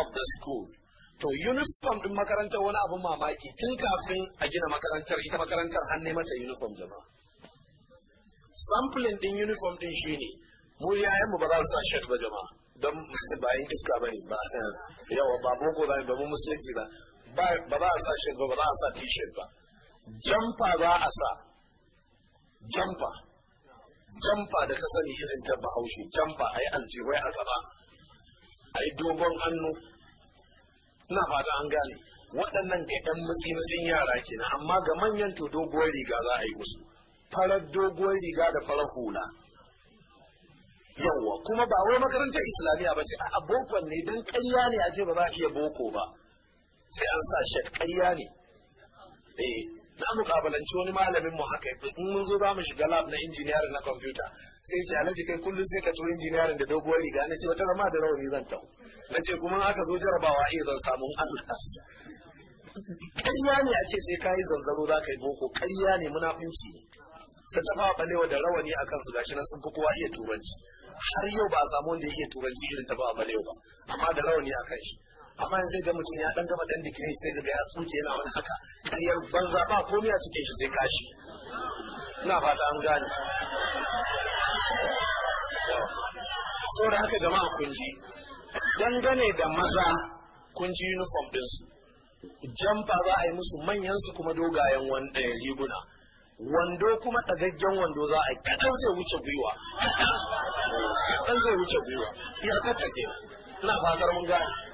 of the school to uniform din makarantar wani abin mamaki tun kafin a gina makarantar ita makarantar hannu mata uniform jama'a sampling din uniform din shine mu yayan mu ba za su sa shirt ba jama'a don bayan iska ba ne eh, ba yawa ba boko ba ba mu musulunci ba ba za a sa shirt ba ba za a sa t-shirt ba jamfa za a sa jamfa jamfa da ka sani irin ta bahaushe jamfa a yi aljiwai a gaba a yi dogon hannu ina fata an gane waɗannan ga 'yan mutsi-mutsin yara kenan amma ga manyan to doguwar riga za a yi musu farar doguwar riga da farar hula yawwa kuma ba wai makarantar islamiyya ba ce a bokon ne don karya ne a ce ba za a iya boko ba sai an sa shat karya ne eh mu kabalanci wani malamin mu haka in mun zo za mu shiga lab na injiniyarin na kwamfuta sai ce alhaji kai kullum sai ka ci injiniyarin da doguwar riga na ce wata rama da rauni zan tau na ce kuma aka zo jarabawa iya eh, zan samu Allah ƙarya ne a ce sai kayi zanzaro za ka yi boko ƙarya ne munafunci ne sai ta balewa da rawani a kansu gashi nan sun fi kowa iya turanci har yau ba a samu wanda ya iya turanci irin ta ba balewa ba amma da rawani a kan shi amma yanzu ga mutum ya dan gama dan digiri sai daga ya tsuke yana wani haka ƙaryar banza ba komai a cikin shi sai kashi na fata an gane da haka jama'a kunji dangane da maza kunji uniform ɗinsu jamfa za a yi musu manyan su kuma dogayen eh, riguna wando kuma ɗagaggen wando za a yi kaɗan zai wuce gwiwa kaɗan zai wuce gwiwa ya ta ke na fatar mun gane